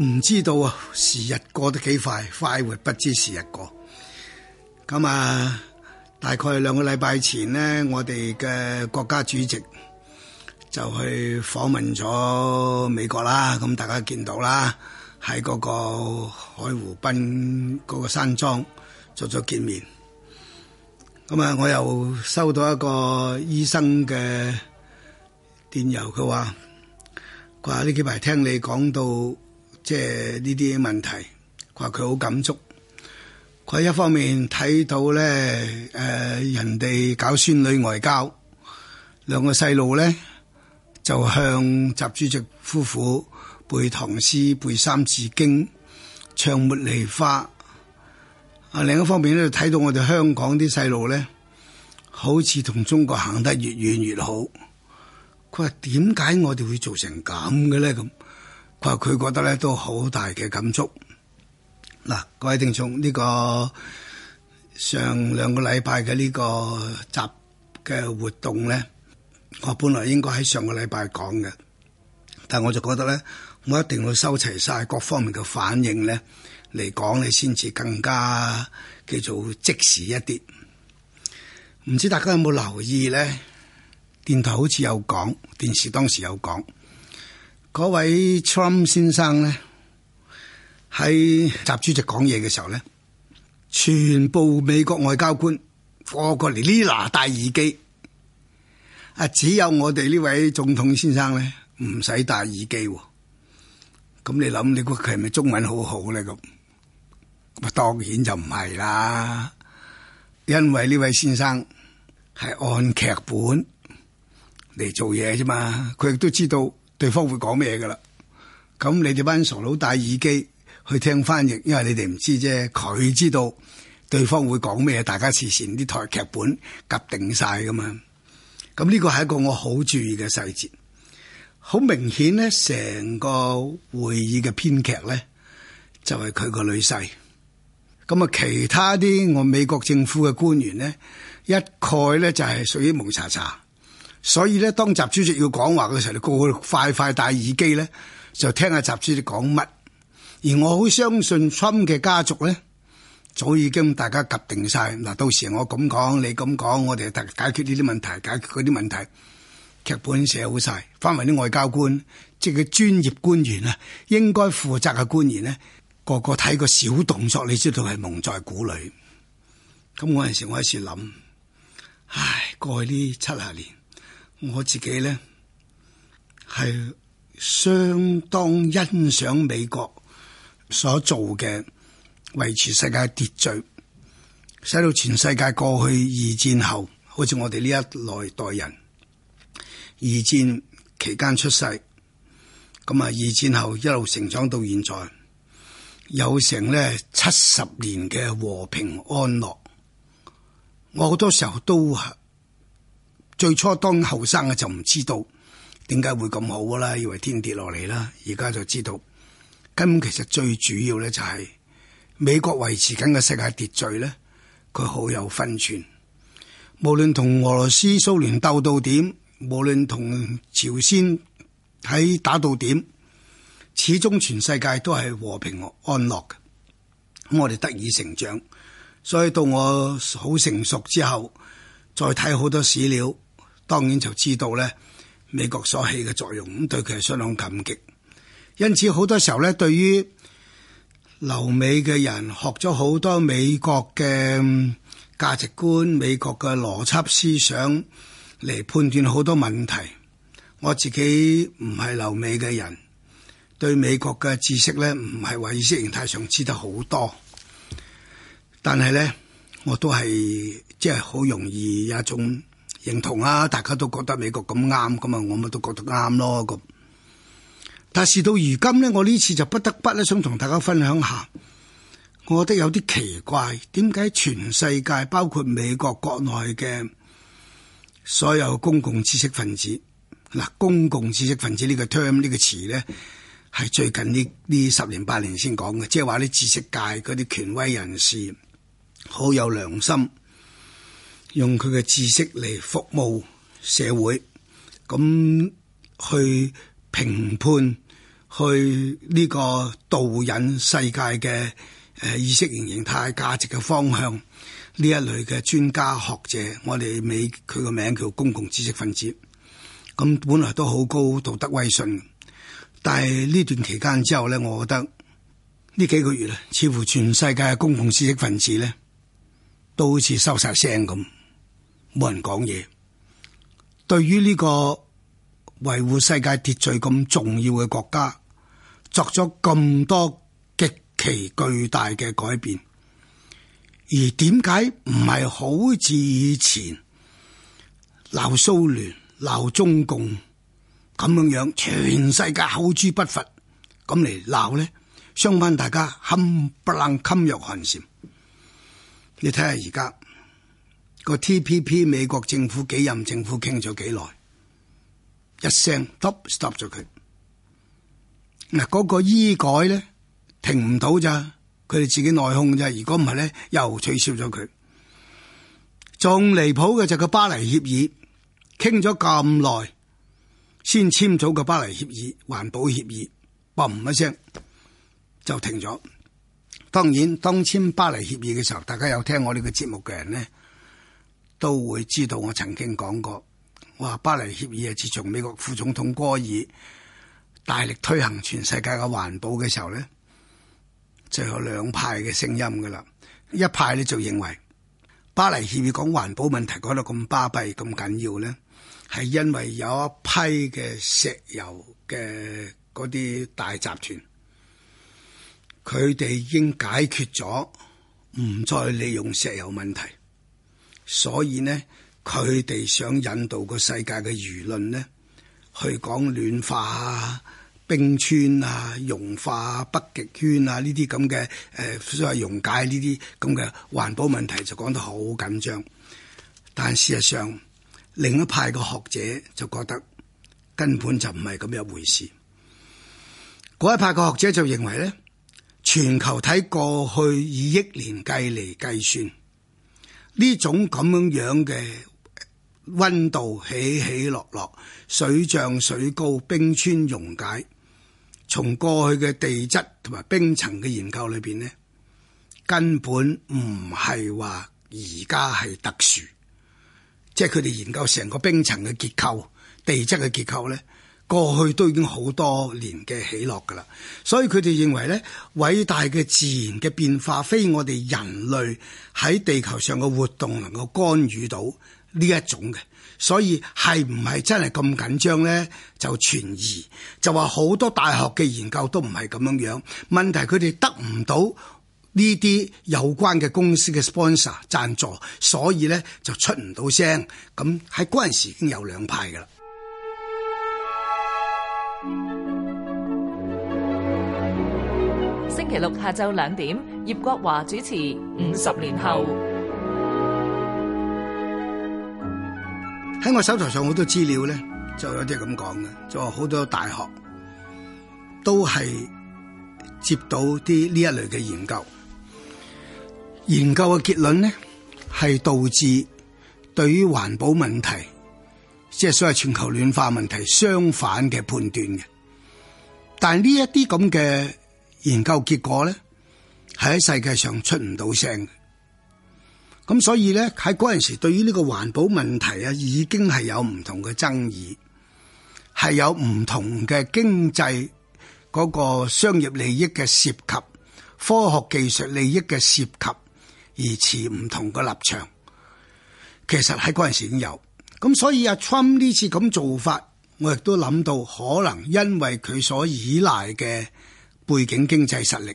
唔知道啊！時日過得幾快，快活不知時日過。咁啊，大概兩個禮拜前呢，我哋嘅國家主席就去訪問咗美國啦。咁大家見到啦，喺嗰個海湖濱嗰個山莊做咗見面。咁啊，我又收到一個醫生嘅電郵，佢話：佢話呢幾排聽你講到，即係呢啲問題，佢話佢好感觸。佢一方面睇到咧，誒、呃，人哋搞孫女外交，兩個細路咧就向習主席夫婦背唐詩、背三字經、唱茉莉花。啊，另一方面咧睇到我哋香港啲細路咧，好似同中國行得越遠越好。佢話點解我哋會做成咁嘅咧咁？佢佢覺得咧都好大嘅感觸。嗱，各位聽眾，呢個上兩個禮拜嘅呢個集嘅活動咧，我本來應該喺上個禮拜講嘅，但係我就覺得咧，我一定要收齊晒各方面嘅反應咧嚟講，你先至更加叫做即時一啲。唔知大家有冇留意咧？電台好似有講，電視當時有講。嗰位 Trump 先生咧，喺習主席講嘢嘅時候咧，全部美國外交官個個嚟，呢拿戴耳機，啊，只有我哋呢位總統先生咧唔使戴耳機哦。咁你諗，你估佢係咪中文好好咧？咁，當然就唔係啦，因為呢位先生係按劇本嚟做嘢啫嘛，佢亦都知道。對方會講咩嘅啦？咁你哋班傻佬戴耳機去聽翻譯，因為你哋唔知啫，佢知道對方會講咩，大家事先呢台劇本及定晒噶嘛。咁呢個係一個我好注意嘅細節。好明顯咧，成個會議嘅編劇咧就係佢個女婿。咁啊，其他啲我美國政府嘅官員咧，一概咧就係屬於蒙查查。所以咧，當習主席要講話嘅時候，你個個快快戴耳機咧，就聽下習主席講乜。而我好相信特朗普嘅家族咧，早已經大家及定晒嗱。到時我咁講，你咁講，我哋特解決呢啲問題，解決啲問題。劇本寫好晒，翻埋啲外交官，即係佢專業官員啊，應該負責嘅官員咧，個個睇個小動作，你知道係蒙在鼓裏。咁陣時，我喺度諗，唉，過去呢七十年。我自己呢，係相當欣賞美國所做嘅維持世界秩序，使到全世界過去二戰後，好似我哋呢一來代人，二戰期間出世，咁啊二戰後一路成長到現在，有成呢七十年嘅和平安樂。我好多時候都。最初當後生嘅就唔知道點解會咁好啦，以為天跌落嚟啦。而家就知道根本其實最主要咧就係美國維持緊嘅世界秩序咧，佢好有分寸。無論同俄羅斯、蘇聯鬥到點，無論同朝鮮喺打到點，始終全世界都係和平和安樂嘅。我哋得以成長，所以到我好成熟之後，再睇好多史料。當然就知道咧，美國所起嘅作用，咁對佢係相當感激。因此好多時候咧，對於留美嘅人，學咗好多美國嘅價值觀、美國嘅邏輯思想嚟判斷好多問題。我自己唔係留美嘅人，對美國嘅知識咧唔係話意識形態上知得好多，但係咧我都係即係好容易有一種。認同啊！大家都覺得美國咁啱，咁啊，我咪都覺得啱咯。咁，但事到如今呢，我呢次就不得不咧，想同大家分享下，我覺得有啲奇怪，點解全世界包括美國國內嘅所有公共知識分子嗱，公共知識分子呢個 term 呢個詞呢，係最近呢呢十年八年先講嘅，即係話啲知識界嗰啲權威人士好有良心。用佢嘅知識嚟服務社會，咁去評判，去呢個導引世界嘅誒、呃、意識形形態、價值嘅方向呢一類嘅專家學者，我哋美佢個名叫公共知識分子，咁本來都好高道德威信，但係呢段期間之後咧，我覺得呢幾個月咧，似乎全世界嘅公共知識分子咧，都好似收晒聲咁。冇人講嘢。對於呢個維護世界秩序咁重要嘅國家，作咗咁多極其巨大嘅改變，而點解唔係好似以前鬧蘇聯、鬧中共咁樣樣，全世界口誅筆伐咁嚟鬧呢？相反，大家冚唪唥噤若寒蟬。你睇下而家。個 TPP 美國政府幾任政府傾咗幾耐，一聲 stop stop 咗佢。嗱，嗰個醫改咧停唔到咋，佢哋自己內訌咋。如果唔係咧，又取消咗佢。仲離譜嘅就個巴黎協議，傾咗咁耐先簽咗個巴黎協議，環保協議，嘣一聲就停咗。當然，當簽巴黎協議嘅時候，大家有聽我呢個節目嘅人呢。都會知道我曾經講過，話巴黎協議啊，自從美國副總統戈爾大力推行全世界嘅環保嘅時候咧，就有兩派嘅聲音噶啦。一派咧就認為，巴黎協議講環保問題講到咁巴閉咁緊要咧，係因為有一批嘅石油嘅嗰啲大集團，佢哋已經解決咗，唔再利用石油問題。所以呢，佢哋想引導個世界嘅輿論呢，去講暖化啊、冰川啊、融化、北極圈啊呢啲咁嘅誒，所謂溶解呢啲咁嘅環保問題，就講得好緊張。但事實上，另一派嘅學者就覺得根本就唔係咁樣一回事。嗰一派嘅學者就認為咧，全球睇過去以億年計嚟計算。呢種咁樣樣嘅溫度起起落落，水漲水高，冰川溶解，從過去嘅地質同埋冰層嘅研究裏邊咧，根本唔係話而家係特殊，即係佢哋研究成個冰層嘅結構、地質嘅結構咧。過去都已經好多年嘅起落㗎啦，所以佢哋認為咧，偉大嘅自然嘅變化非我哋人類喺地球上嘅活動能夠干預到呢一種嘅，所以係唔係真係咁緊張咧？就存疑，就話好多大學嘅研究都唔係咁樣樣。問題係佢哋得唔到呢啲有關嘅公司嘅 sponsor 贊助，所以咧就出唔到聲。咁喺嗰陣時已經有兩派㗎啦。星期六下晝兩點，葉國華主持《五十年後》。喺我手頭上好多資料呢，就有啲咁講嘅，就好多大學都係接到啲呢一類嘅研究，研究嘅結論呢，係導致對於環保問題。即係所謂全球暖化問題相反嘅判斷嘅，但係呢一啲咁嘅研究結果咧，喺世界上出唔到聲。咁所以咧喺嗰陣時，對於呢個環保問題啊，已經係有唔同嘅爭議，係有唔同嘅經濟嗰個商業利益嘅涉及，科學技術利益嘅涉及，而持唔同嘅立場。其實喺嗰陣時已經有。咁所以阿 Trump 呢次咁做法，我亦都諗到可能因為佢所依賴嘅背景經濟實力，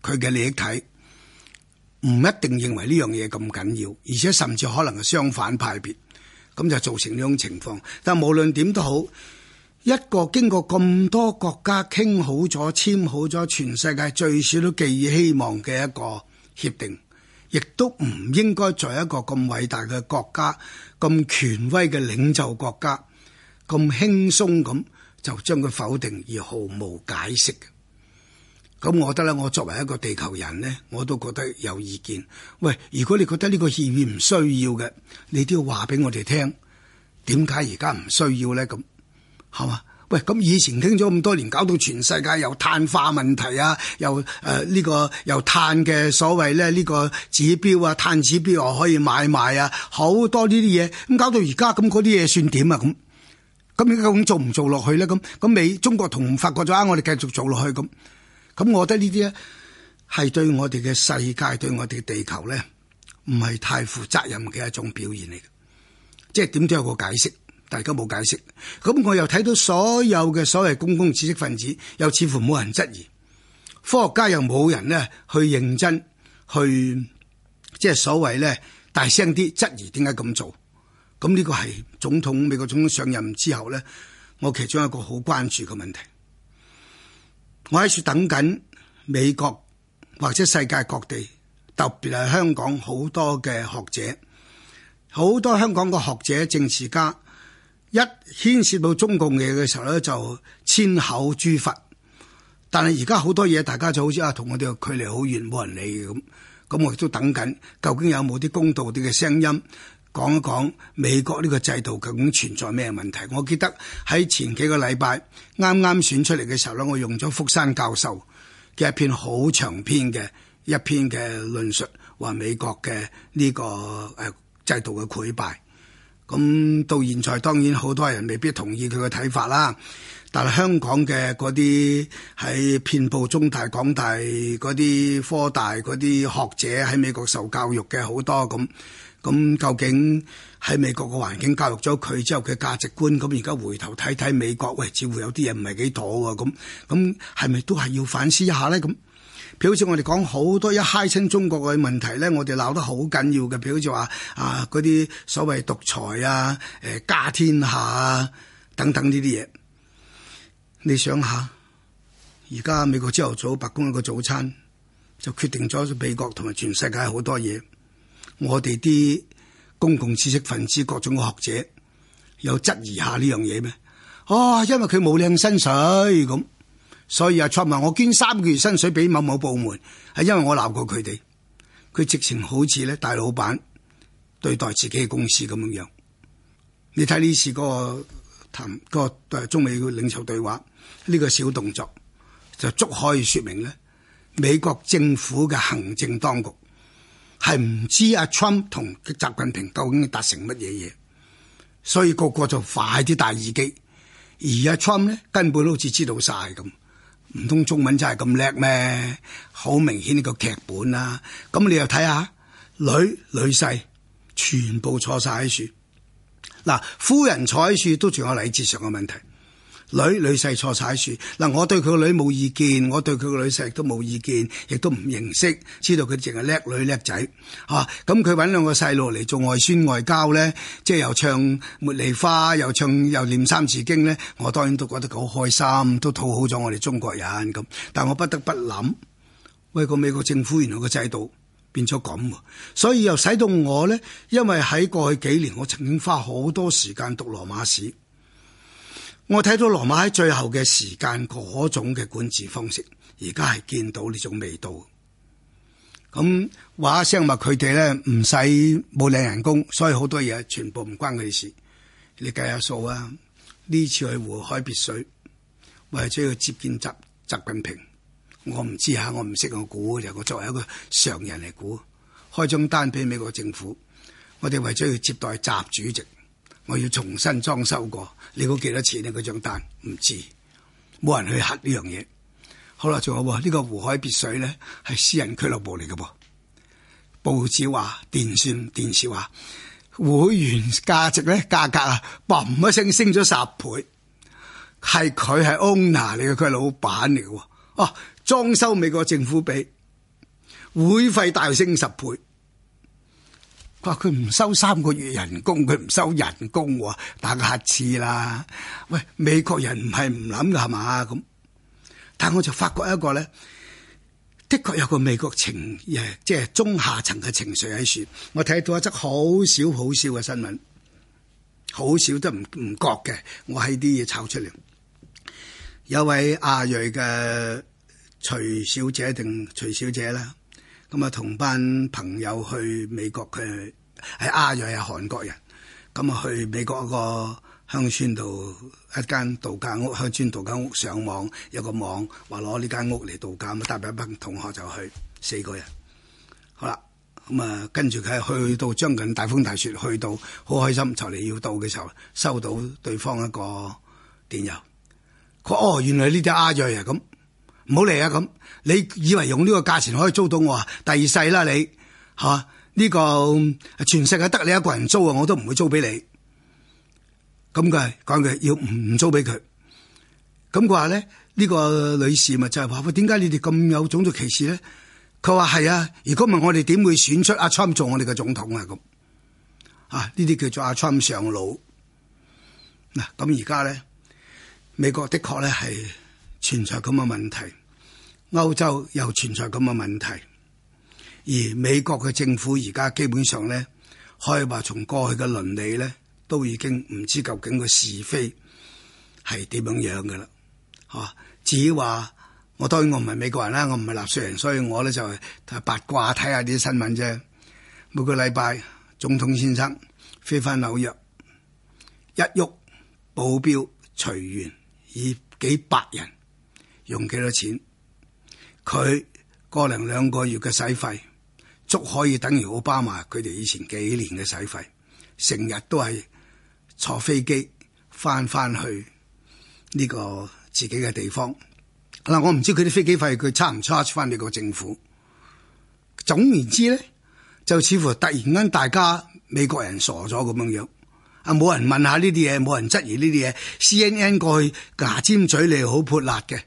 佢嘅利益體唔一定認為呢樣嘢咁緊要，而且甚至可能係相反派別，咁就造成呢種情況。但無論點都好，一個經過咁多國家傾好咗、簽好咗，全世界最少都寄以希望嘅一個協定。亦都唔應該在一個咁偉大嘅國家、咁權威嘅領袖國家、咁輕鬆咁就將佢否定而毫無解釋嘅。咁我覺得咧，我作為一個地球人咧，我都覺得有意見。喂，如果你覺得呢個議員唔需要嘅，你都要話俾我哋聽，點解而家唔需要咧？咁係嘛？喂，咁以前傾咗咁多年，搞到全世界又碳化問題啊，又誒呢、呃呢個又碳嘅所謂咧呢個指標啊，碳指標可以買賣那那啊，好多呢啲嘢，咁搞到而家咁嗰啲嘢算點啊？咁咁而家咁做唔做落去呢？咁咁美中國同法國咗啊，我哋繼續做落去咁，咁我覺得呢啲咧係對我哋嘅世界、對我哋地球咧，唔係太負責任嘅一種表現嚟，即係點都有個解釋。大家冇解釋，咁我又睇到所有嘅所謂公共知識分子又似乎冇人質疑，科學家又冇人呢去認真去即係所謂呢，「大聲啲質疑」點解咁做？咁呢個係總統美國總統上任之後呢，我其中一個好關注嘅問題。我喺處等緊美國或者世界各地，特別係香港好多嘅學者，好多香港嘅學者、政治家。一牽涉到中共嘢嘅時候咧，就千口諸佛。但係而家好多嘢，大家就好似啊，同我哋距離好遠，冇人理咁。咁我亦都等緊，究竟有冇啲公道啲嘅聲音講一講美國呢個制度究竟存在咩問題？我記得喺前幾個禮拜啱啱選出嚟嘅時候咧，我用咗福山教授嘅一篇好長篇嘅一篇嘅論述，話美國嘅呢、這個誒、呃、制度嘅潰敗。咁到現在當然好多人未必同意佢嘅睇法啦，但係香港嘅嗰啲喺遍佈中大、港大嗰啲科大嗰啲學者喺美國受教育嘅好多咁，咁究竟喺美國個環境教育咗佢之後嘅價值觀，咁而家回頭睇睇美國，喂似乎有啲嘢唔係幾妥喎，咁咁係咪都係要反思一下咧咁？譬如好似我哋講好多一嗨親中國嘅問題咧，我哋鬧得好緊要嘅。譬如好似話啊，嗰啲所謂獨裁啊、誒、呃、家天下啊等等呢啲嘢，你想下，而家美國朝頭早白宮一個早餐就決定咗美國同埋全世界好多嘢，我哋啲公共知識分子各種嘅學者有質疑下呢樣嘢咩？啊，因為佢冇靚薪水咁。所以阿 Trump 啊，我捐三個月薪水俾某某部門，係因為我鬧過佢哋。佢直情好似咧大老闆對待自己嘅公司咁樣樣。你睇呢次嗰個談嗰個中美領袖對話呢個小動作就足可以說明咧，美國政府嘅行政當局係唔知阿 Trump 同習近平究竟達成乜嘢嘢，所以個個就快啲戴耳機，而阿 Trump 咧根本都好似知道晒咁。唔通中文真係咁叻咩？好明顯呢個劇本啦，啊，咁你又睇下，女女婿全部坐晒喺處，嗱夫人坐喺處都仲有禮節上嘅問題。女女婿坐曬喺樹嗱，我對佢個女冇意見，我對佢個女婿亦都冇意見，亦都唔認識，知道佢淨係叻女叻仔吓，咁佢穩兩個細路嚟做外孫外交咧，即係又唱茉莉花，又唱又念三字經咧，我當然都覺得佢好開心，都討好咗我哋中國人咁。但我不得不諗，喂，個美國政府原來個制度變咗咁，所以又使到我咧，因為喺過去幾年我曾經花好多時間讀羅馬史。我睇到羅馬喺最後嘅時間各種嘅管治方式，而家係見到呢種味道。咁話一聲話佢哋咧唔使冇領人工，所以好多嘢全部唔關佢哋事。你計下數啊！呢次去湖海別墅，為咗要接見習習近平，我唔知吓，我唔識我估，就我作為一個常人嚟估，開張單俾美國政府，我哋為咗要接待習主席，我要重新裝修過。你估幾多錢呢、啊？嗰張單唔知，冇人去核呢樣嘢。好啦，仲有呢、這個湖海別墅咧，係私人俱樂部嚟嘅噃。報紙話、電視、電視話，會員價值咧，價格啊，嘣一聲升咗十倍。係佢係 owner 嚟嘅，佢係老闆嚟嘅。哦、啊，裝修美國政府俾，會費大升十倍。話佢唔收三個月人工，佢唔收人工，打個乞嗤啦。喂，美國人唔係唔諗噶係嘛咁，但我就發覺一個呢，的確有個美國情，誒，即係中下層嘅情緒喺度。我睇到一則好少好少嘅新聞，好少都唔唔覺嘅。我喺啲嘢炒出嚟，有位阿瑞嘅徐小姐定徐小姐啦。咁啊，同班朋友去美國，佢係亞裔啊，韓國人。咁啊，去美國一個鄉村度一間度假屋，鄉村度假屋上網有個網，話攞呢間屋嚟度假，咁帶埋一班同學就去四個人。好啦，咁啊，跟住佢去到將近大風大雪，去到好開心。就嚟要到嘅時候，收到對方一個電郵，佢哦，原來呢啲亞裔啊咁。唔好嚟啊！咁你以為用呢個價錢可以租到我啊？第二世啦你吓呢、啊這個全世界得你一個人租啊，我都唔會租俾你。咁佢講佢要唔租俾佢。咁佢話咧呢、這個女士咪就係話：喂，點解你哋咁有種族歧視咧？佢話係啊，如果唔係我哋點會選出阿、啊、川做我哋嘅總統啊？咁啊呢啲叫做阿、啊、川上路嗱。咁而家咧，美國的確咧係存在咁嘅問題。歐洲又存在咁嘅問題，而美國嘅政府而家基本上呢，可以話從過去嘅倫理呢，都已經唔知究竟個是非係點樣樣㗎喇。吓，自己話，我當然我唔係美國人啦，我唔係納稅人，所以我呢就係八卦睇下啲新聞啫。每個禮拜總統先生飛返紐約，一喐保鏢隨員，以幾百人用幾多錢？佢過零兩個月嘅使費，足可以等於奧巴馬佢哋以前幾年嘅使費。成日都係坐飛機翻翻去呢個自己嘅地方。嗱、嗯，我唔知佢啲飛機費佢差唔差翻美國政府。總言之咧，就似乎突然間大家美國人傻咗咁樣樣啊，冇人問下呢啲嘢，冇人質疑呢啲嘢。C N N 過去牙尖嘴利好潑辣嘅，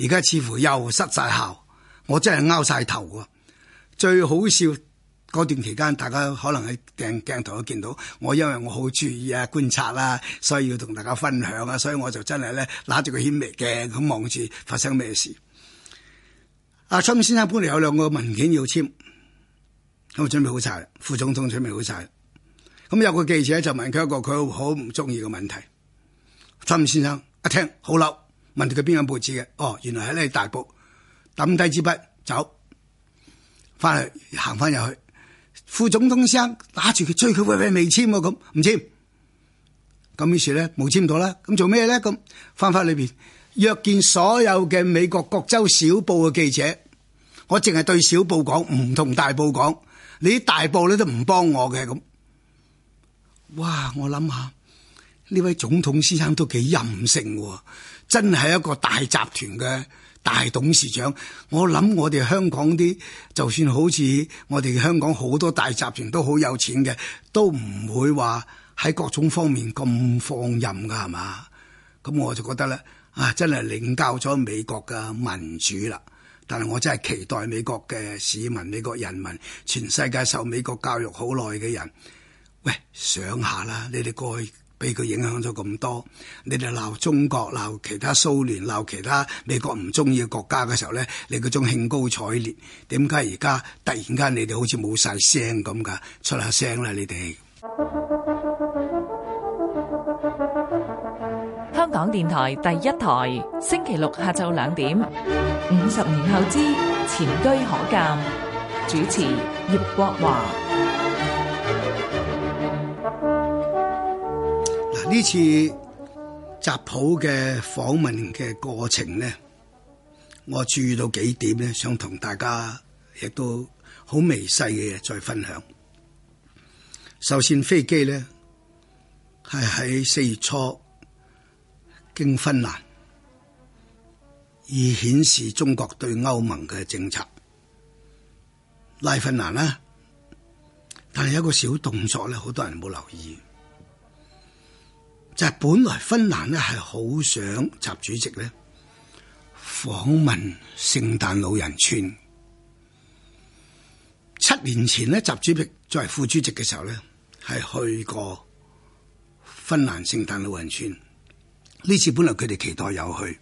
而家似乎又失晒效。我真係拗晒頭、啊，最好笑嗰段期間，大家可能喺掟鏡頭度見到我，因為我好注意啊觀察啦、啊，所以要同大家分享啊，所以我就真係咧攞住個顯微鏡咁望住發生咩事。阿、啊、侵先生本嚟有兩個文件要簽，咁我準備好晒，副總統準備好晒，咁有個記者就問佢一個佢好唔中意嘅問題，侵先生一、啊、聽好嬲，問佢邊個報紙嘅，哦，原來喺呢大埔。抌低支筆走，翻去行翻入去，副總統生打住佢，追佢喂，喂未簽啊，咁唔簽，咁於是咧冇簽到啦，咁做咩咧咁？翻翻裏邊約見所有嘅美國各州小報嘅記者，我淨係對小報講，唔同大報講，你啲大報咧都唔幫我嘅咁。哇！我諗下呢位總統先生都幾任性喎，真係一個大集團嘅。大董事長，我諗我哋香港啲，就算好似我哋香港好多大集團都好有錢嘅，都唔會話喺各種方面咁放任㗎，係嘛？咁我就覺得咧，啊，真係領教咗美國嘅民主啦。但係我真係期待美國嘅市民、美國人民、全世界受美國教育好耐嘅人，喂，想下啦，你哋過去……俾佢影響咗咁多，你哋鬧中國、鬧其他蘇聯、鬧其他美國唔中意嘅國家嘅時候咧，你嗰種興高采烈，點解而家突然間你哋好似冇曬聲咁噶？出下聲啦，你哋！香港電台第一台，星期六下晝兩點，五十年後之前車可鑑，主持葉國華。呢次習普嘅訪問嘅過程呢，我注意到幾點呢，想同大家亦都好微細嘅嘢，再分享。首先，飛機呢，係喺四月初經芬蘭，以顯示中國對歐盟嘅政策拉芬蘭啦。但係有一個小動作咧，好多人冇留意。就係本來芬蘭呢係好想習主席呢訪問聖誕老人村。七年前呢習主席作為副主席嘅時候呢係去過芬蘭聖誕老人村。呢次本來佢哋期待有去，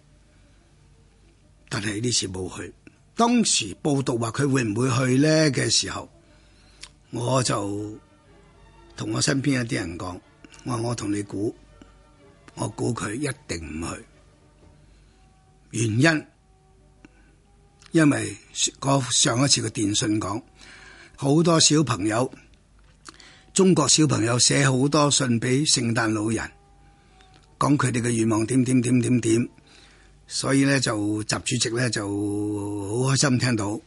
但係呢次冇去。當時報導話佢會唔會去呢嘅時候，我就同我身邊一啲人講，我話我同你估。我估佢一定唔去，原因因為上一次嘅電信講，好多小朋友，中國小朋友寫好多信俾聖誕老人，講佢哋嘅願望點點點點點，所以呢，就習主席呢就好開心聽到，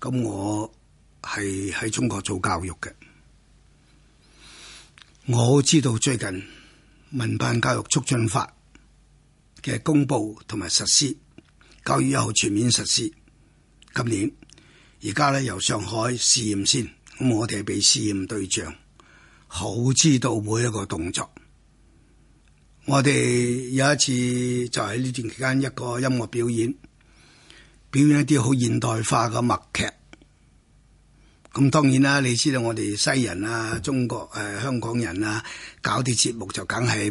咁我係喺中國做教育嘅，我知道最近。民辦教育促進法嘅公布同埋實施，九月一號全面實施。今年而家咧由上海試驗先，咁我哋係俾試驗對象，好知道每一個動作。我哋有一次就喺呢段期間一個音樂表演，表演一啲好現代化嘅默劇。咁當然啦，你知道我哋西人啊、中國誒、呃、香港人啊，搞啲節目就梗係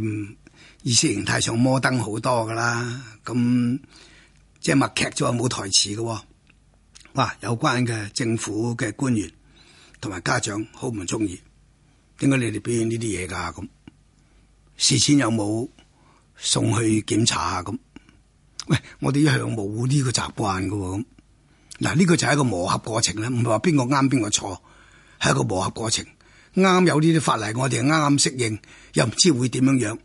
意識形態上摩登好多噶啦。咁、嗯、即係默劇咗有冇台詞嘅，哇！有關嘅政府嘅官員同埋家長好唔中意，點解你哋表演呢啲嘢㗎？咁事前有冇送去檢查啊？咁喂，我哋一向冇呢個習慣嘅喎咁。嗱，呢個就係一個磨合過程啦，唔係話邊個啱邊個錯，係一個磨合過程。啱有呢啲法例，我哋啱啱適應，又唔知會點樣樣。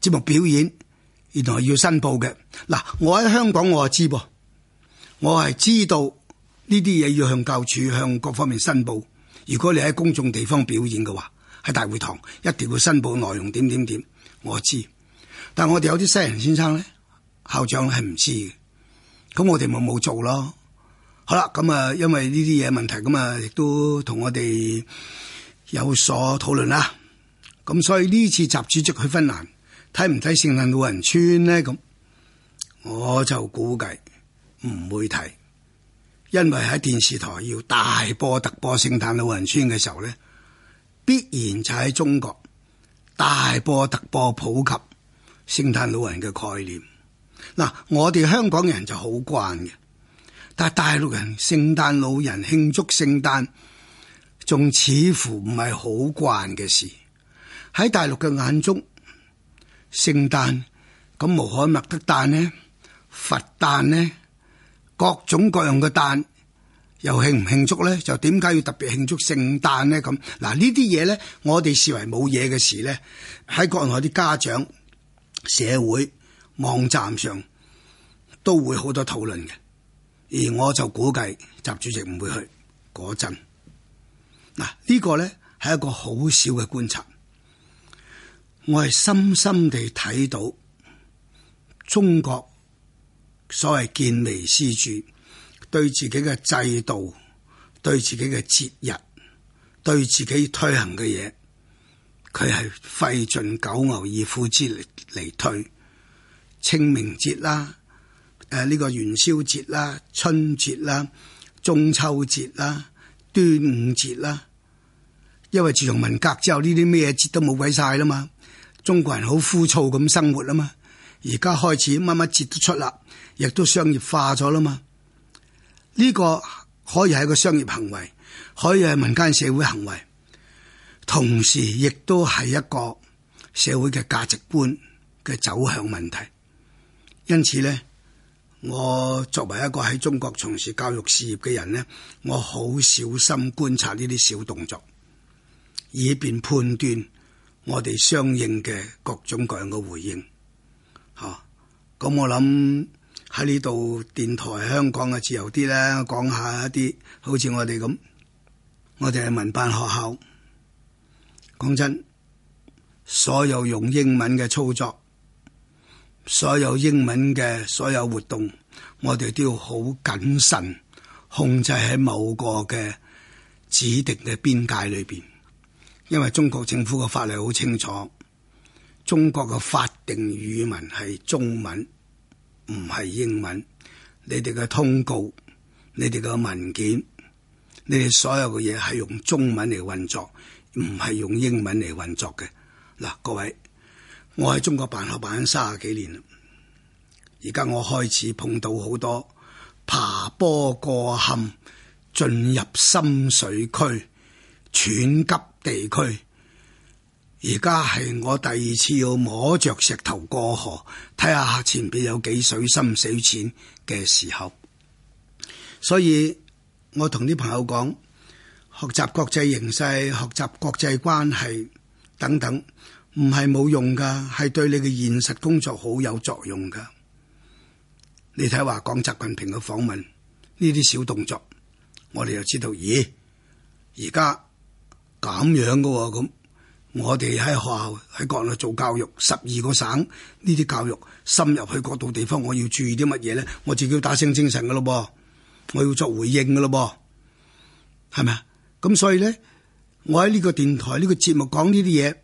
節目表演，原來係要申報嘅。嗱，我喺香港我就知噃，我係知道呢啲嘢要向教署向各方面申報。如果你喺公眾地方表演嘅話，喺大會堂一定要申報內容點點點，我知。但係我哋有啲西人先生咧，校長係唔知嘅，咁我哋咪冇做咯。好啦，咁啊，因為呢啲嘢問題，咁啊，亦都同我哋有所討論啦。咁所以呢次習主席去芬蘭，睇唔睇聖誕老人村呢？咁我就估計唔會睇，因為喺電視台要大播特播聖誕老人村嘅時候呢，必然就喺中國大播特播普及聖誕老人嘅概念。嗱，我哋香港人就好慣嘅。但係大陸人聖誕老人慶祝聖誕，仲似乎唔係好慣嘅事。喺大陸嘅眼中，聖誕咁無可麥得誕咧，佛誕咧，各種各樣嘅誕又慶唔慶祝咧？就點解要特別慶祝聖誕咧？咁嗱呢啲嘢咧，我哋視為冇嘢嘅事咧，喺國內啲家長、社會網站上都會好多討論嘅。而我就估計習主席唔會去嗰陣。嗱，呢個咧係一個好少嘅觀察。我係深深地睇到中國所謂見微知著，對自己嘅制度、對自己嘅節日、對自己推行嘅嘢，佢係費盡九牛二虎之力嚟推清明節啦。誒呢個元宵節啦、春節啦、中秋節啦、端午節啦，因為自從文革之後，呢啲咩節都冇鬼晒啦嘛。中國人好枯燥咁生活啦嘛，而家開始乜乜節都出啦，亦都商業化咗啦嘛。呢個可以係一個商業行為，可以係民間社會行為，同時亦都係一個社會嘅價值觀嘅走向問題。因此咧。我作為一個喺中國從事教育事業嘅人咧，我好小心觀察呢啲小動作，以便判斷我哋相應嘅各種各樣嘅回應。吓、啊、咁、嗯、我諗喺呢度電台香港嘅自由啲咧，講下一啲好似我哋咁，我哋係民辦學校。講真，所有用英文嘅操作，所有英文嘅所有活動，我哋都要好謹慎控制喺某個嘅指定嘅邊界裏邊，因為中國政府嘅法律好清楚，中國嘅法定語文係中文，唔係英文。你哋嘅通告、你哋嘅文件、你哋所有嘅嘢係用中文嚟運作，唔係用英文嚟運作嘅。嗱，各位。我喺中國辦學辦咗三十幾年。而家我開始碰到好多爬坡過坎、進入深水區、喘急地區。而家係我第二次要摸着石頭過河，睇下前邊有幾水深水淺嘅時候。所以我同啲朋友講，學習國際形勢、學習國際關係等等。唔係冇用噶，係對你嘅現實工作好有作用噶。你睇話講習近平嘅訪問呢啲小動作，我哋就知道，咦，而家咁樣噶喎，咁，我哋喺學校喺國內做教育，十二個省呢啲教育深入去各度地方，我要注意啲乜嘢咧？我自己要打聲精神噶咯噃，我要作回應噶咯噃，係咪啊？咁所以咧，我喺呢個電台呢個節目講呢啲嘢。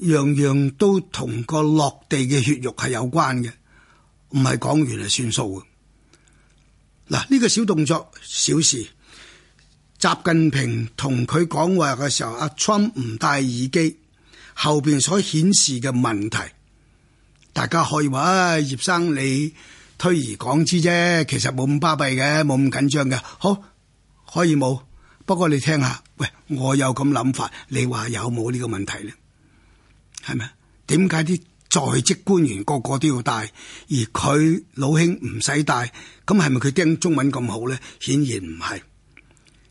樣樣都同個落地嘅血肉係有關嘅，唔係講完係算數嘅。嗱，呢個小動作、小事，習近平同佢講話嘅時候，阿 Trump 唔戴耳機，後邊所顯示嘅問題，大家可以話：葉生你推而廣之啫，其實冇咁巴閉嘅，冇咁緊張嘅。好，可以冇。不過你聽下，喂，我有咁諗法，你話有冇呢個問題呢？係咪？點解啲在職官員個個都要帶，而佢老兄唔使帶？咁係咪佢聽中文咁好咧？顯然唔係。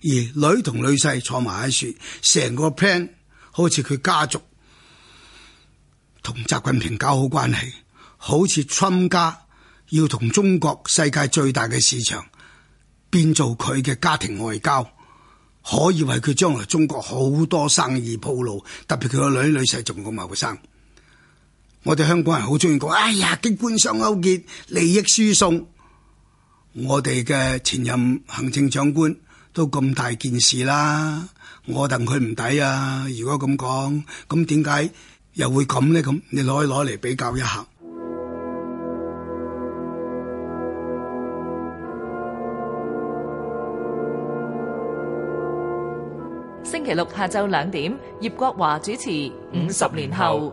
而女同女婿坐埋喺樹，成個 plan 好似佢家族同習近平搞好關係，好似親家要同中國世界最大嘅市場變做佢嘅家庭外交。可以為佢將來中國好多生意鋪路，特別佢個女女婿仲咁後生。我哋香港人好中意講，哎呀，機官商勾結、利益輸送。我哋嘅前任行政長官都咁大件事啦，我戥佢唔抵啊！如果咁講，咁點解又會咁咧？咁你攞去攞嚟比較一下。星期六下晝兩點，葉國華主持《五十年後》。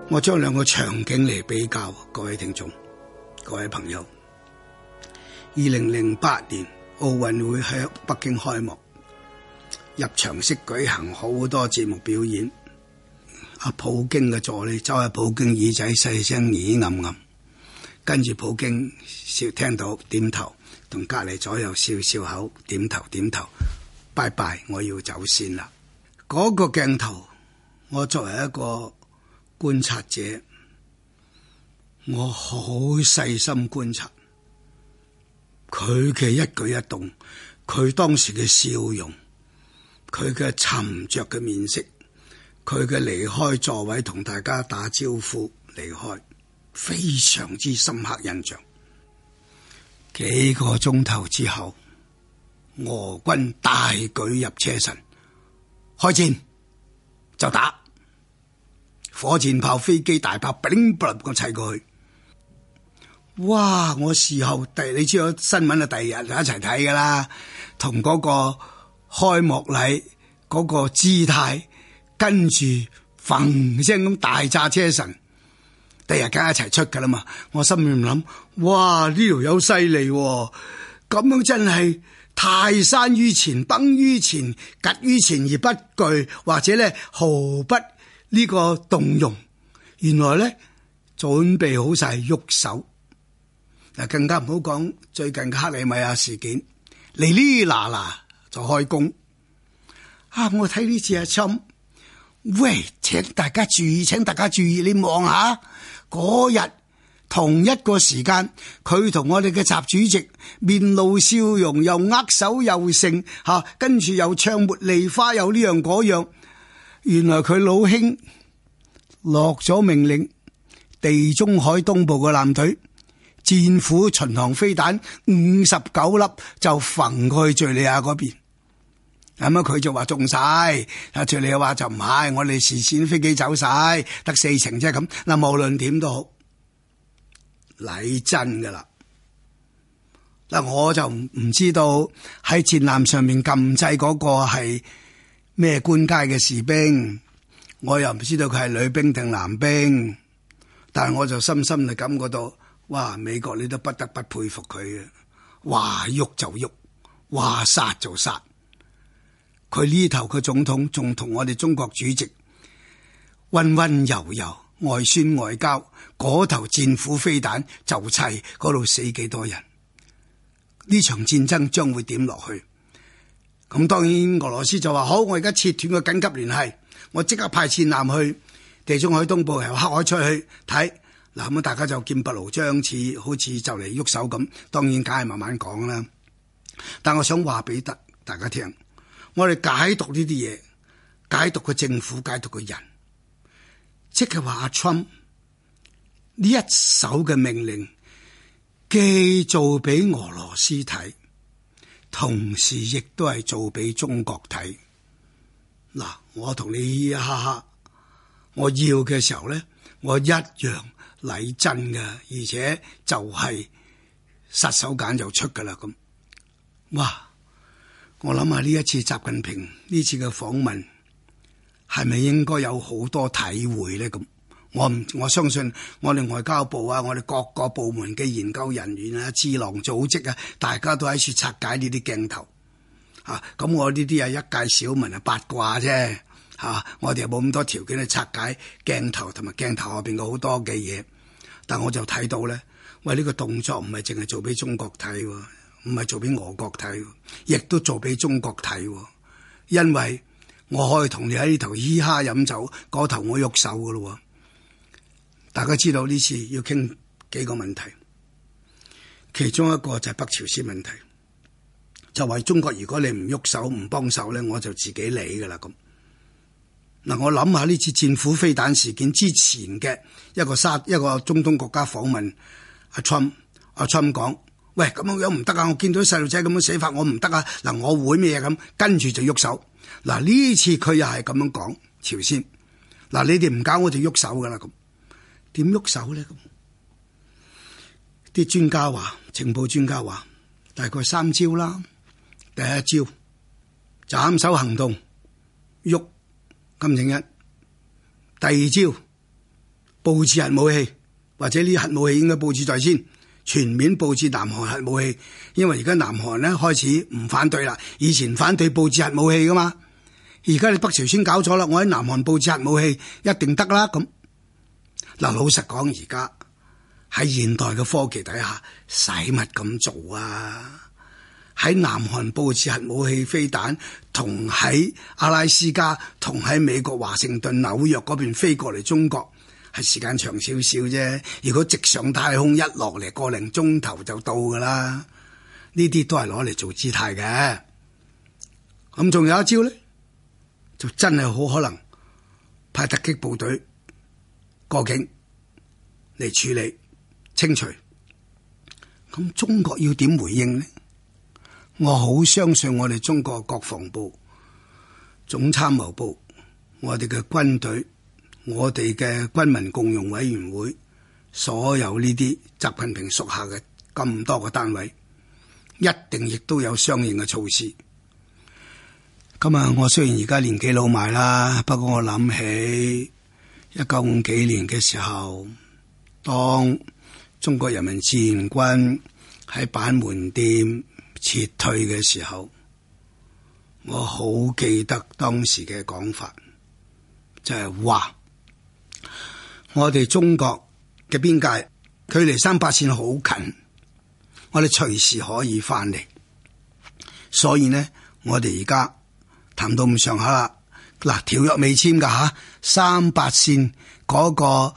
年我將兩個場景嚟比較，各位聽眾、各位朋友。二零零八年奧運會喺北京開幕，入場式舉行好多節目表演。阿普京嘅助理走去普京耳仔細聲耳暗暗，跟住普京笑，聽到點頭。同隔籬左右笑笑口，點頭點頭，拜拜，我要走先啦。嗰個鏡頭，我作為一個觀察者，我好細心觀察佢嘅一舉一動，佢當時嘅笑容，佢嘅沉着嘅面色，佢嘅離開座位同大家打招呼離開，非常之深刻印象。幾個鐘頭之後，俄軍大舉入車臣，開戰就打，火箭炮、飛機、大炮，乒不立咁砌過去。哇！我事後第，你知道新聞啊，第二日就一齊睇噶啦，同嗰個開幕禮嗰個姿態，跟住嘭聲咁大炸車臣，第日梗一齊出噶啦嘛。我心裏諗。哇！呢條友犀利，咁樣真係泰山於前崩於前，及於前而不懼，或者呢毫不呢個動容。原來呢，準備好晒喐手，嗱，更加唔好講最近嘅克里米亞事件，嚟呢嗱嗱就開工。啊！我睇呢次阿侵，喂，請大家注意，請大家注意，你望下嗰日。同一個時間，佢同我哋嘅習主席面露笑容，又握手又成吓、啊，跟住又唱茉莉花，又呢樣嗰樣。原來佢老兄落咗命令，地中海東部嘅艦隊戰斧巡航飛彈五十九粒就焚去敘利亞邊。咁、嗯、啊，佢就話中晒啊！敘利亞話就唔係，我哋事先飛機走晒，得四成啫咁。嗱，無論點都好。禮真噶啦，嗱，我就唔知道喺戰艦上面禁制嗰個係咩官階嘅士兵，我又唔知道佢係女兵定男兵，但係我就深深嘅感覺到，哇！美國你都不得不佩服佢啊，話喐就喐，話殺就殺，佢呢頭嘅總統仲同我哋中國主席温温柔柔。外宣外交，嗰頭戰斧飛彈就砌，嗰度死幾多人，呢場戰爭將會點落去？咁當然俄羅斯就話，好，我而家切斷個緊急聯繫，我即刻派戰艦去地中海東部，由黑海出去睇。嗱，咁大家就劍拔弩張似好似就嚟喐手咁。當然，梗係慢慢講啦。但我想話俾大大家聽，我哋解讀呢啲嘢，解讀個政府，解讀個人。即係話，阿春呢一手嘅命令，既做俾俄羅斯睇，同時亦都係做俾中國睇。嗱，我同你一哈哈，我要嘅時候咧，我一樣嚟真嘅，而且就係殺手鐧就出㗎喇咁。哇！我諗下呢一次習近平呢次嘅訪問，係咪應該有好多體會咧？咁我唔我相信我哋外交部啊，我哋各個部門嘅研究人員啊、智囊組織啊，大家都喺處拆解呢啲鏡頭。嚇、啊，咁我呢啲係一介小民啊，八卦啫。嚇、啊，我哋又冇咁多條件去拆解鏡頭同埋鏡頭下邊嘅好多嘅嘢。但我就睇到咧，喂，呢個動作唔係淨係做俾中國睇，唔係做俾俄國睇，亦都做俾中國睇，因為，我可以同你喺呢頭嘻哈飲酒，嗰頭我喐手噶咯。大家知道呢次要傾幾個問題，其中一個就係北朝鮮問題，就話中國如果你唔喐手唔幫手咧，我就自己理噶啦咁。嗱、啊，我諗下呢次戰斧飛彈事件之前嘅一個沙一個中東國家訪問阿川，阿川講：喂，咁樣樣唔得啊！我見到細路仔咁樣死法，我唔得啊！嗱、啊，我會咩咁？跟住就喐手。嗱，呢次佢又係咁樣講朝鮮，嗱，你哋唔搞我就喐手噶啦咁，點喐手呢？咁，啲專家話，情報專家話大概三招啦，第一招斬首行動，喐金正恩；第二招布置核武器，或者呢啲核武器應該布置在先。全面佈置南韓核武器，因為而家南韓咧開始唔反對啦，以前反對佈置核武器㗎嘛，而家你北朝鮮搞錯啦，我喺南韓佈置核武器一定得啦咁。嗱，老實講，而家喺現代嘅科技底下，使乜咁做啊？喺南韓佈置核武器飛彈，同喺阿拉斯加、同喺美國華盛頓、紐約嗰邊飛過嚟中國。係時間長少少啫，如果直上太空一落嚟個零鐘頭就到噶啦，呢啲都係攞嚟做姿態嘅。咁仲有一招咧，就真係好可能派突擊部隊過境嚟處理清除。咁中國要點回應呢？我好相信我哋中國國防部、總參謀部、我哋嘅軍隊。我哋嘅軍民共用委員會，所有呢啲習近平屬下嘅咁多個單位，一定亦都有相應嘅措施。咁啊，我雖然而家年紀老邁啦，不過我諗起一九五幾年嘅時候，當中國人民志願軍喺板門店撤退嘅時候，我好記得當時嘅講法，就係、是、話。哇我哋中國嘅邊界距離三八線好近，我哋隨時可以翻嚟。所以呢，我哋而家談到咁上下啦，嗱條約未簽噶吓，三八線嗰個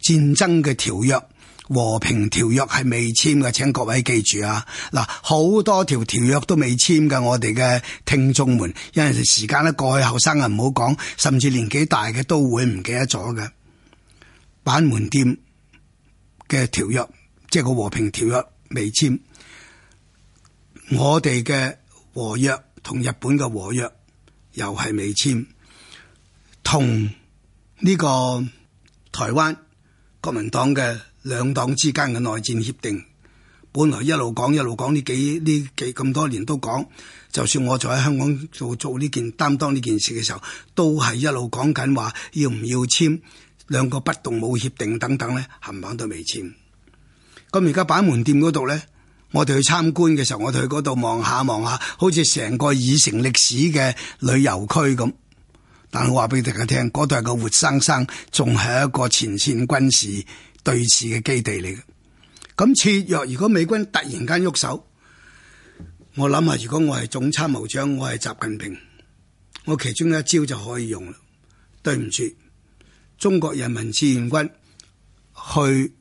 戰爭嘅條約、和平條約係未簽嘅，請各位記住啊！嗱，好多條條約都未簽嘅，我哋嘅聽眾們，因為時間呢過去，後生嘅唔好講，甚至年紀大嘅都會唔記得咗嘅。板門店嘅條約，即係個和平條約未簽，我哋嘅和約同日本嘅和約又係未簽，同呢個台灣國民黨嘅兩黨之間嘅內戰協定，本來一路講一路講呢幾呢幾咁多年都講，就算我喺香港做做呢件擔當呢件事嘅時候，都係一路講緊話要唔要簽。兩個不動武協定等等呢，冚棒都未簽。咁而家板門店嗰度呢，我哋去參觀嘅時候，我哋去嗰度望下望下，好似成個已成歷史嘅旅遊區咁。但係我話俾大家聽，嗰度係個活生生，仲係一個前線軍事對峙嘅基地嚟嘅。咁倘若如果美軍突然間喐手，我諗下，如果我係總參謀長，我係習近平，我其中一招就可以用啦。對唔住。中國人民志願軍去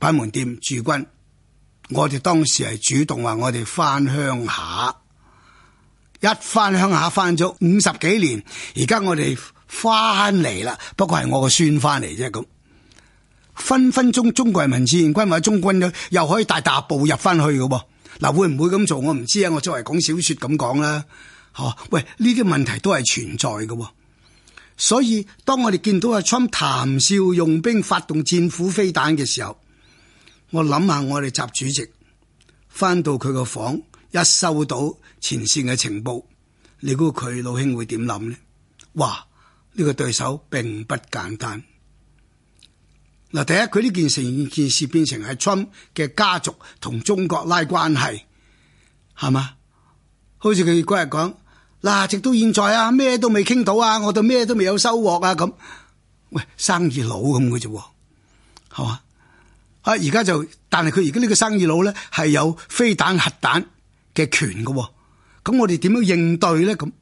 板門店駐軍，我哋當時係主動話我哋翻鄉下，一翻鄉下翻咗五十幾年，而家我哋翻嚟啦，不過係我個孫翻嚟啫咁。分分鐘中國人民志願軍或者中軍又可以大踏步入翻去噶喎，嗱會唔會咁做我唔知啊，我作為講小說咁講啦，吓、啊、喂呢啲問題都係存在噶。所以，當我哋見到阿春談笑用兵，發動戰斧飛彈嘅時候，我諗下我哋習主席翻到佢個房，一收到前線嘅情報，你估佢老兄會點諗咧？哇！呢個對手並不簡單。嗱，第一佢呢件成件事變成係春嘅家族同中國拉關係，係嘛？好似佢嗰日講。嗱，直到現在啊，咩都未傾到啊，我哋咩都未有收穫啊，咁，喂，生意佬咁嘅啫，係嘛？啊，而家就，但係佢而家呢個生意佬呢，係有飛彈核彈嘅權嘅，咁我哋點樣應對呢？咁，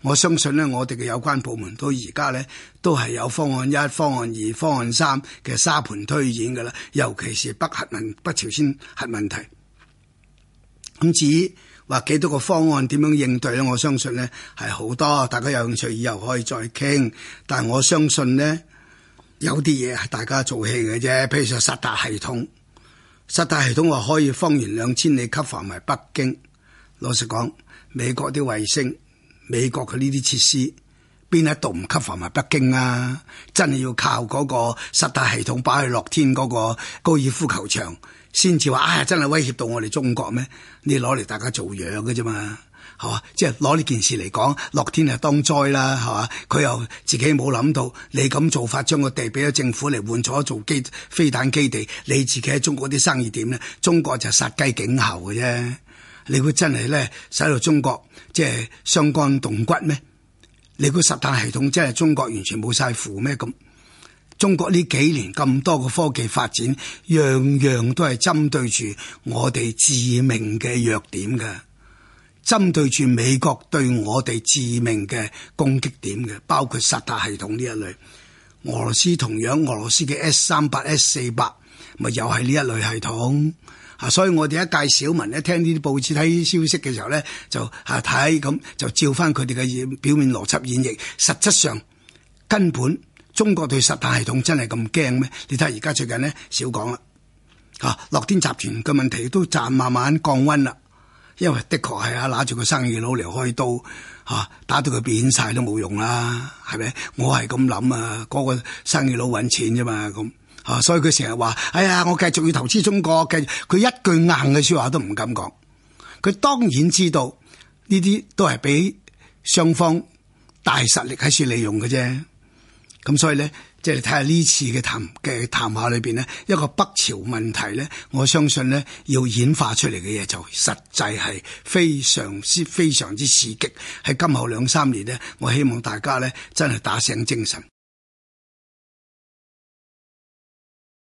我相信呢，我哋嘅有關部門到而家呢，都係有方案一、方案二、方案三嘅沙盤推演嘅啦，尤其是北核問、北朝鮮核問題，咁至於。話幾多個方案點樣應對咧？我相信咧係好多，大家有興趣以後可以再傾。但係我相信咧，有啲嘢係大家做戲嘅啫。譬如話薩德系統，薩德系統話可以方圓兩千里吸防埋北京。老實講，美國啲衛星、美國嘅呢啲設施，邊一度唔吸防埋北京啊？真係要靠嗰個薩德系統擺去樂天嗰個高爾夫球場，先至話，唉、哎，真係威脅到我哋中國咩？你攞嚟大家做樣嘅啫嘛，係嘛？即係攞呢件事嚟講，樂天就當災啦，係嘛？佢又自己冇諗到，你咁做法將個地俾咗政府嚟換咗做基飛彈基地，你自己喺中國啲生意點呢？中國就殺雞儆猴嘅啫，你會真係咧使到中國即係傷肝動骨咩？你估實彈系統真係中國完全冇晒符咩咁？中國呢幾年咁多嘅科技發展，樣樣都係針對住我哋致命嘅弱點嘅，針對住美國對我哋致命嘅攻擊點嘅，包括薩德系統呢一類。俄羅斯同樣，俄羅斯嘅 S 三百 S 四百，咪又係呢一類系統啊！所以我哋一介小民一聽呢啲報紙睇消息嘅時候呢，就吓睇咁，就照翻佢哋嘅表面邏輯演繹，實質上根本。中國對實彈系統真係咁驚咩？你睇下而家最近呢，少講啦，吓、啊、樂天集團嘅問題都暫慢慢降溫啦。因為的確係啊，拿住、那個生意佬嚟開刀吓，打到佢扁晒都冇用啦，係咪？我係咁諗啊，嗰個生意佬揾錢啫嘛，咁啊，所以佢成日話：哎呀，我繼續要投資中國，繼續，佢一句硬嘅說話都唔敢講。佢當然知道呢啲都係俾雙方大實力喺處利用嘅啫。咁所以咧，即係睇下呢次嘅談嘅談話裏邊咧，一個北朝問題咧，我相信咧要演化出嚟嘅嘢就實際係非常之非常之刺激，喺今後兩三年咧，我希望大家咧真係打醒精神。